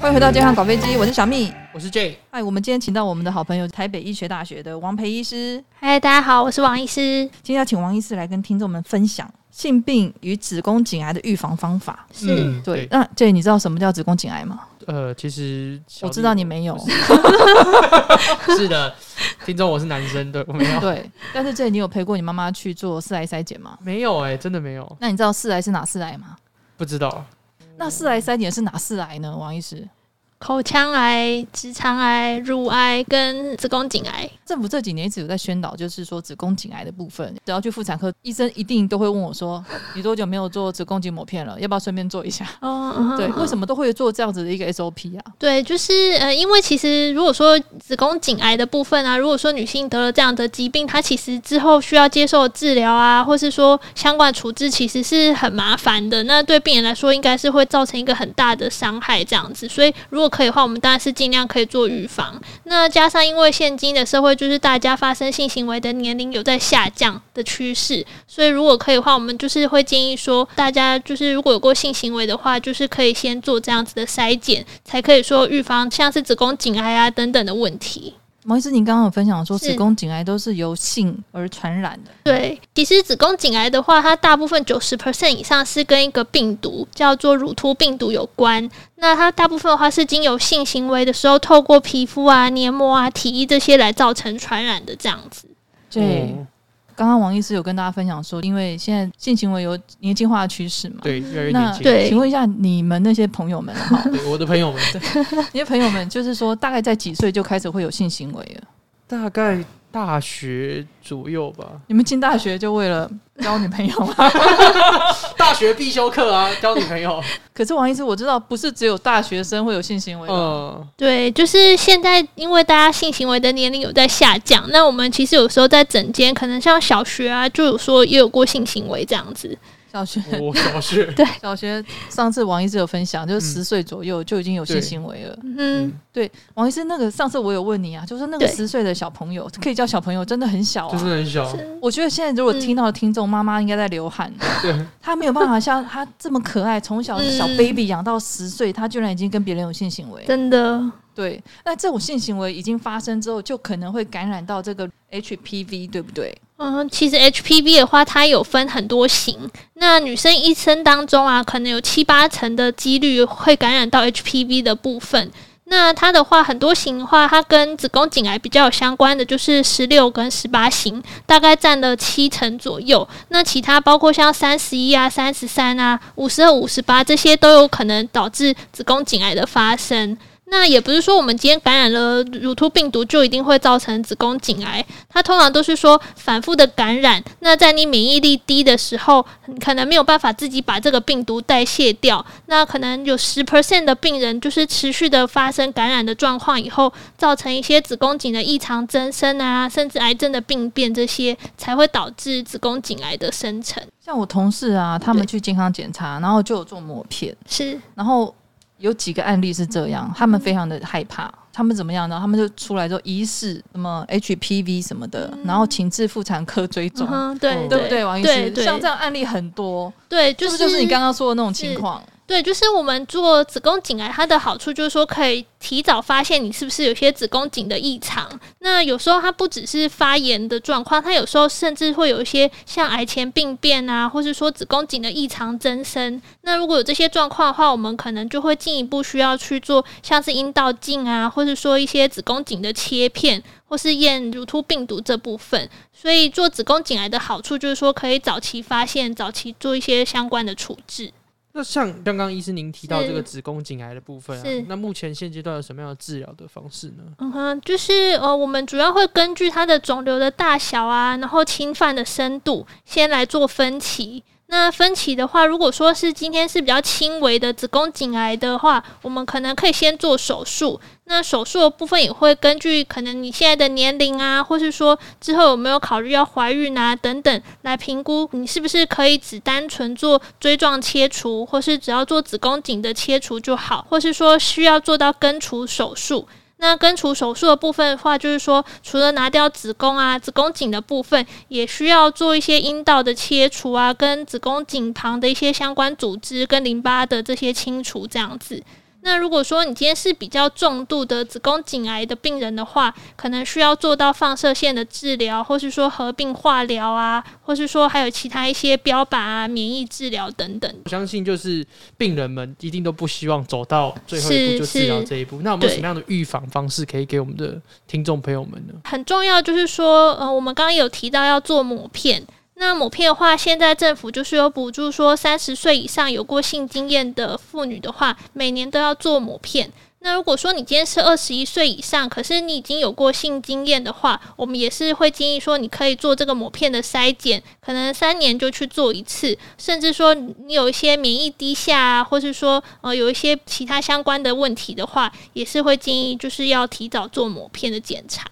歡迎回到《街上搞飛機》，我是小蜜，我是 J。嗨，我們今天請到我們的好朋友台北醫學大學的王培醫師。嗨，大家好，我是王醫師。今天要請王醫師來跟聽眾們分享性病與子宮頸癌的預防方法。是嗯，對。對那 J，ay, 你知道什麼叫子宮頸癌嗎？呃，其實我知道你沒有。是的，聽眾，我是男生，對我沒有。 對，但是 J，ay, 你有陪過你媽媽去做四癌篩檢嗎？沒有，欸，哎，真的沒有。那你知道四癌是哪四癌嗎？不知道。那四癌三檢是哪四癌呢？王醫師，口腔癌、直腸癌、乳癌跟子宮頸癌。政府這幾年一直有在宣導，就是說子宮頸癌的部分，只要去婦產科，醫生一定都會問我說：“你多久沒有做子宮頸抹片了？要不要順便做一下？”哦，oh, 對，好好為什麼都會做這樣子的一個 SOP 啊？對，就是呃，因為其實如果說子宮頸癌的部分啊，如果說女性得了這樣的疾病，她其實之後需要接受治療啊，或是說相關處置，其實是很麻煩的。那對病人來說，應該是會造成一個很大的傷害，這樣子。所以如果可以的話，我們當然是盡量可以做預防。那加上因為現今的社會就是大家發生性行為的年齡有在下降的趨勢，所以如果可以的話，我們就是會建議說，大家就是如果有過性行為的話，就是可以先做這樣子的篩檢，才可以說預防像是子宮頸癌啊等等的問題。王醫師，您剛剛有分享說，子宮頸癌都是由性而傳染的。對，其實子宮頸癌的話，它大部分九十 percent 以上是跟一個病毒叫做乳突病毒有關。那它大部分的話是經由性行為的時候，透過皮膚啊、黏膜啊、體液這些來造成傳染的這樣子。對。嗯剛剛王醫師有跟大家分享說，因為現在性行為有年輕化的趨勢嘛？對，越來越年輕。那，對，請問一下你們那些朋友們哈 我的朋友們對，你的朋友們就是說，大概在幾歲就開始會有性行為了？大概。大學左右吧，你們進大學就為了交女朋友嗎？ 大學必修課啊，交女朋友。可是王醫師，我知道不是只有大學生會有性行為。呃、對，就是現在因為大家性行為的年齡有在下降，那我們其實有時候在診間可能像小學啊，就有說也有過性行為這樣子。小學，我小學，對，小學。上次王醫師有分享，就是十歲左右就已經有性行為了。嗯，對,嗯對，王醫師那個上次我有問你啊，就是那個十歲的小朋友對可以。叫，小朋友真的很小，啊，就是很小啊。是我覺得現在如果聽到的聽眾媽媽應該在流汗，對，她沒有辦法像她這麼可愛，從小是小 baby 養，嗯，到十歲，她居然已經跟別人有性行為，真的，嗯。對，那這種性行為已經發生之後，就可能會感染到這個 HPV，對不對？嗯，其實 HPV 的話，它有分很多型，那女生一生當中啊，可能有七八成的幾率會感染到 HPV 的部分。那它的話，很多型的話，它跟子宮頸癌比較有相關的，就是十六跟十八型，大概佔了七成左右。那其他包括像三十一啊、三十三啊、五十二、五十八這些，都有可能導致子宮頸癌的發生。那也不是說我們今天感染了乳突病毒就一定會造成子宮頸癌，它通常都是說反覆的感染。那在你免疫力低的時候，你可能沒有辦法自己把這個病毒代謝掉。那可能有十 percent 的病人就是持續的發生感染的狀況，以後造成一些子宮頸的異常增生啊，甚至癌症的病變這些，才會導致子宮頸癌的生成。像我同事啊，他們去健康檢查，對然後就有做抹片，是，然後。有幾個案例是這樣，嗯、他們非常的害怕，嗯、他們怎麼樣呢？然後他們就出來說疑似什麼 HPV 什麼的，嗯、然後請至婦產科追蹤、嗯，對對不對，對？王醫師，對對對，像這樣案例很多，對，就是就是你剛剛說的那種情況。對，就是我們做子宮頸癌，它的好處就是說可以提早發現你是不是有些子宮頸的異常。那有時候它不只是發炎的狀況，它有時候甚至會有一些像癌前病變啊，或是說子宮頸的異常增生。那如果有這些狀況的話，我們可能就會進一步需要去做像是陰道鏡啊，或是說一些子宮頸的切片，或是驗乳突病毒這部分。所以做子宮頸癌的好處就是說可以早期發現，早期做一些相關的處置。那像剛剛醫師您提到這個子宮頸癌的部分，啊，是那目前現階段有什麼樣的治療的方式呢？嗯哼，就是呃，我們主要會根據它的腫瘤的大小啊，然後侵犯的深度，先來做分期。那分期的話，如果說是今天是比較輕微的子宮頸癌的話，我們可能可以先做手術。那手術的部分也會根據可能你現在的年齡啊，或是說之後有沒有考慮要懷孕啊等等，來評估你是不是可以只單純做錐狀切除，或是只要做子宮頸的切除就好，或是說需要做到根除手術。那根除手術的部分的話，就是說，除了拿掉子宮啊、子宮頸的部分，也需要做一些陰道的切除啊，跟子宮頸旁的一些相關組織跟淋巴的這些清除，這樣子。那如果說你今天是比較重度的子宮頸癌的病人的話，可能需要做到放射線的治療，或是說合併化療啊，或是說還有其他一些標靶啊、免疫治療等等。我相信就是病人們一定都不希望走到最後一步就治療這一步。那我們有什麼樣的預防方式可以給我們的聽眾朋友們呢？對很重要就是說，呃，我們剛剛有提到要做抹片。那抹片的話，現在政府就是有補助，說三十歲以上有過性經驗的婦女的話，每年都要做抹片。那如果說你今天是二十一歲以上，可是你已經有過性經驗的話，我們也是會建議說你可以做這個抹片的篩檢，可能三年就去做一次。甚至說你有一些免疫低下啊，或是說呃有一些其他相關的問題的話，也是會建議就是要提早做抹片的檢查。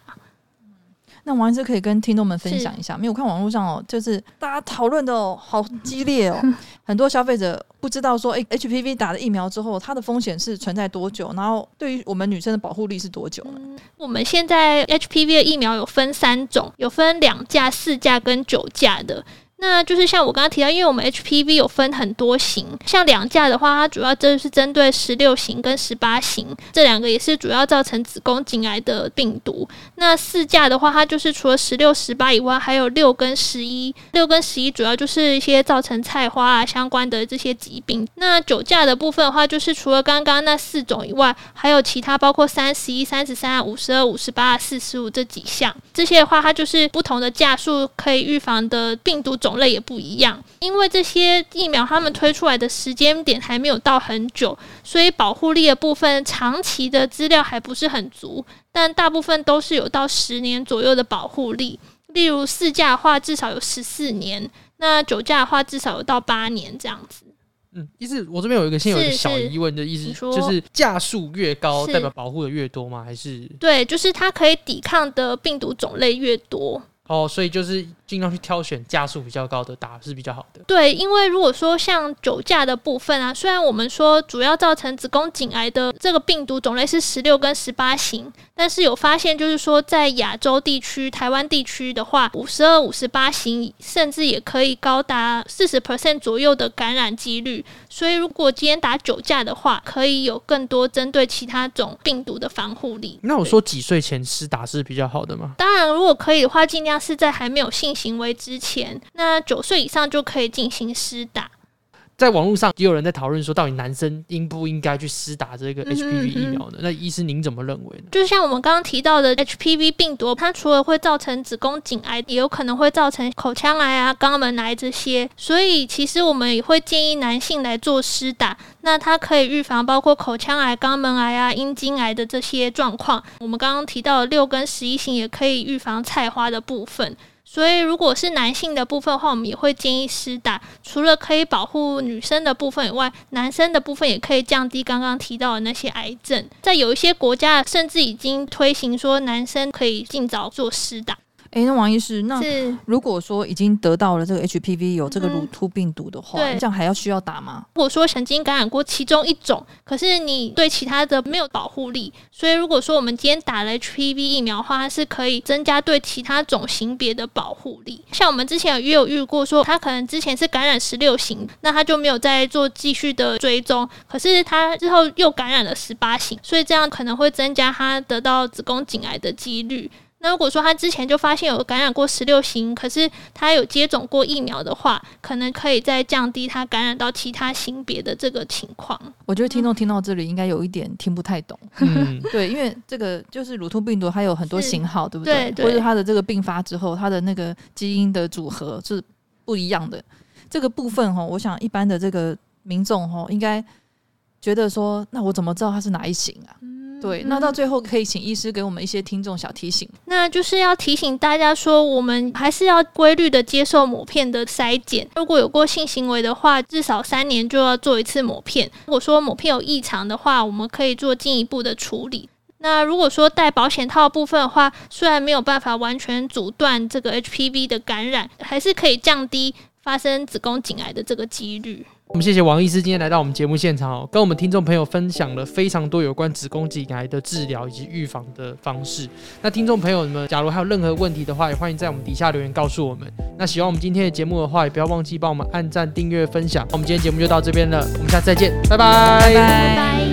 那王醫師可以跟聽眾們分享一下，是因為，我看網絡上哦，就是大家討論的哦，好激烈哦， 很多消費者不知道說，哎、欸、HPV 打了疫苗之後，它的風險是存在多久？然後，對於我們女生的保護力是多久呢？嗯、我們現在 HPV 的疫苗有分三種，有分兩價、四價跟九價的。那就是像我剛剛提到，因為我們 HPV 有分很多型，像兩價的話，它主要就是針對十六型跟十八型這兩個，也是主要造成子宮頸癌的病毒。那四價的話，它就是除了十六、十八以外，還有六跟十一，六跟十一主要就是一些造成菜花啊相關的這些疾病。那九價的部分的話，就是除了剛剛那四種以外，還有其他包括三十一、三十三、五十二、五十八、四十五這幾項，這些的話，它就是不同的價數可以預防的病毒種種類也不一樣，因為這些疫苗他們推出來的時間點還沒有到很久，所以保護力的部分長期的資料還不是很足。但大部分都是有到十年左右的保護力，例如四價的話至少有十四年，那九價的話至少有到八年這樣子。嗯，意思我這邊有一個先有一個小疑問的意思，是是，你說就是價數越高代表保護的越多嗎？還是對，就是它可以抵抗的病毒種類越多。哦，oh, 所以就是盡量去挑選價數比較高的打是比較好的。對，因為如果說像九價的部分啊，雖然我們說主要造成子宮頸癌的這個病毒種類是十六跟十八型，但是有發現就是說在亞洲地區、台灣地區的話，五十二、五十八型甚至也可以高達四十 percent 左右的感染幾率。所以如果今天打九價的話，可以有更多針對其他種病毒的防護力。那我說幾歲前吃打是比較好的嗎？對當然，如果可以的話，盡量。是在還沒有性行為之前，那九歲以上就可以進行施打。在網絡上也有人在討論說，到底男生應不應該去施打這個 HPV 疫苗呢？嗯哼嗯哼。那醫師您怎麼認為呢？就像我們剛剛提到的 HPV 病毒，它除了會造成子宮頸癌，也有可能會造成口腔癌啊、肛門癌這些。所以其實我們也會建議男性來做施打，那它可以預防包括口腔癌、肛門癌啊、陰莖癌的這些狀況。我們剛剛提到六跟十一型也可以預防菜花的部分。所以，如果是男性的部分的話，我們也會建議施打。除了可以保護女生的部分以外，男生的部分也可以降低剛剛提到的那些癌症。在有一些國家，甚至已經推行說男生可以盡早做施打。哎、欸，那王醫師，那如果說已經得到了這個 HPV 有這個乳突病毒的話，嗯、這樣還要需要打嗎？如果說曾經感染過其中一種，可是你對其他的沒有保護力，所以如果說我們今天打了 HPV 疫苗的話，它是可以增加對其他種型別的保護力。像我們之前也有遇過說，他可能之前是感染十六型，那他就沒有再做繼續的追蹤，可是他之後又感染了十八型，所以這樣可能會增加他得到子宮頸癌的幾率。那如果說他之前就發現有感染過十六型，可是他有接種過疫苗的話，可能可以再降低他感染到其他型別的這個情況。我覺得聽眾聽到這裡應該有一點聽不太懂，嗯，對，因為這個就是乳突病毒它有很多型號，是對不對？對、對，或者它的這個病發之後，它的那個基因的組合是不一樣的。這個部分哈、哦，我想一般的這個民眾哈、哦，應該覺得說，那我怎麼知道它是哪一型啊？嗯對，那到最後可以請醫師給我們一些聽眾小提醒，那就是要提醒大家說，我們還是要規律的接受抹片的篩檢。如果有過性行為的話，至少三年就要做一次抹片。如果說抹片有異常的話，我們可以做進一步的處理。那如果說戴保險套的部分的話，雖然沒有辦法完全阻斷這個 HPV 的感染，還是可以降低發生子宮頸癌的這個幾率。我們謝謝王醫師今天來到我們節目現場，哦，跟我們聽眾朋友分享了非常多有關子宮頸癌的治療以及預防的方式。那聽眾朋友們，假如還有任何問題的話，也歡迎在我們底下留言告訴我們。那喜歡我們今天的節目的話，也不要忘記幫我們按讚、訂閱、分享。我們今天節目就到這邊了，我們下次再見，拜拜。